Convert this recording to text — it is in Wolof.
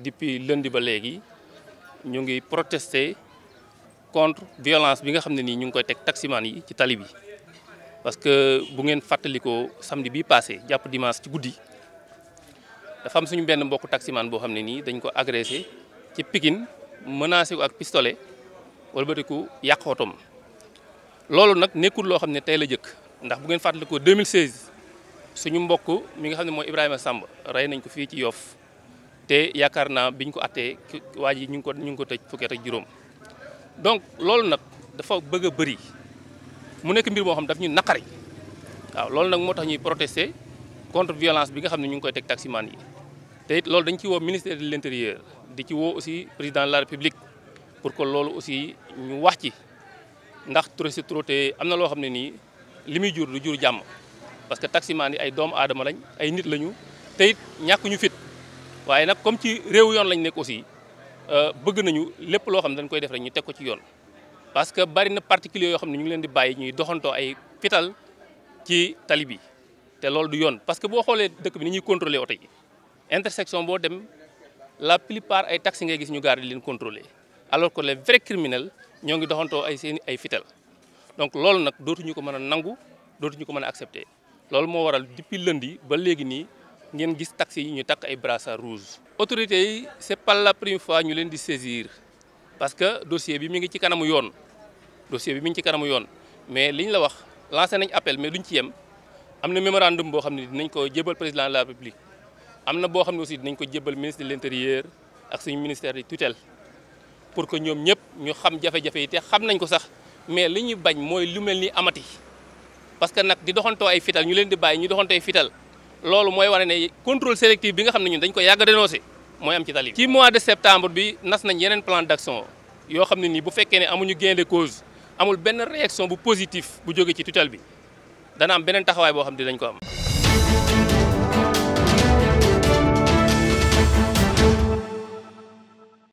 depuis lundi ba léegi ñu ngi protester contre violence bi nga xam ne nii ñu ngi koy teg taximaan yi ci tali bi. parce que bu ngeen fàttalikoo samdi bi passé jàpp dimanche ci guddi dafa am suñu benn mbokku taximaan boo xam ne nii dañ ko agressé ci pikin menacé ko ak pistolet wala batiku yàq loolu nag nekkul loo xam ne tey la jëkk ndax bu ngeen fàttalikoo 2016 suñu mbokk mi nga xam ne mooy Ibrahima Samb rey nañ ko fii ci yoof té yakarna biñ ko atté waji ñu ko ñu ko tej fukki at ak juróom donc lool nak dafa bëgg bëri mu nekk mbir bo xam daf ñu nakari waaw lool nak motax ñuy protester contre violence bi nga xam ñu ngi koy taxi man yi te it loolu dañ ci wo ministère de l'intérieur di ci wo aussi président de la république pour que lool aussi ñu wax ci ndax touriste trop te amna na loo xam ne jur du jur jam parce que man yi ay doom adam lañ ay nit lañu té it ñu fit waaye nag comme ci réew yoon lañ nekk aussi euh, bëgg nañu lépp loo xam ne dañ koy def rek ñu teg ko ci yoon. parce que bari na particulier yoo xam ne ñu ngi leen di bàyyi ñuy doxantoo ay fital ci tali bi te loolu du yoon parce que boo xoolee dëkk bi ni ñuy contrôler oto yi intersection boo dem la plupart ay taxi ngay gis ñu gaar di leen contrôler alors que les vrais criminels ñoo ngi doxantoo ay seen ay fital donc loolu nag dootuñu ko mën a nangu dootuñu ko mën a accepter loolu moo waral depuis lundi ba léegi nii. ngeen gis taxi ñu tak ay brassard rouge. autorité yi c'est pas la première fois ñu leen di saisir parce que dossier bi mi ngi ci kanamu yoon dossier bi mi ngi ci kanamu yoon mais liñ la wax lancé nañ appel mais duñ ci yem amna memorandum bo xamni xam dinañ ko jébal président de la république amna bo xamni aussi dinañ ko jébal ministre de l'intérieur ak suñu ministère de tutelle pour que ñom ñep ñu xam jafé jafé té xam nañ ko sax mais li bañ moy lu melni ni amati parce que nak di doxonto ay fital ñu leen di bay ñu doxonto ay fital loolu moy wane ne contrôle sélectif bi nga xamné ñun dañ ko yag a dénoncé mooy am ci talib ci mois de septembre bi nas nañ yenen plan d'action yo xamné ni bu fekké ne amuñu gain de cause amul benn réaction bu positif bu joggé ci tutelle bi dana am benen taxaway bo xamné dañ ko am.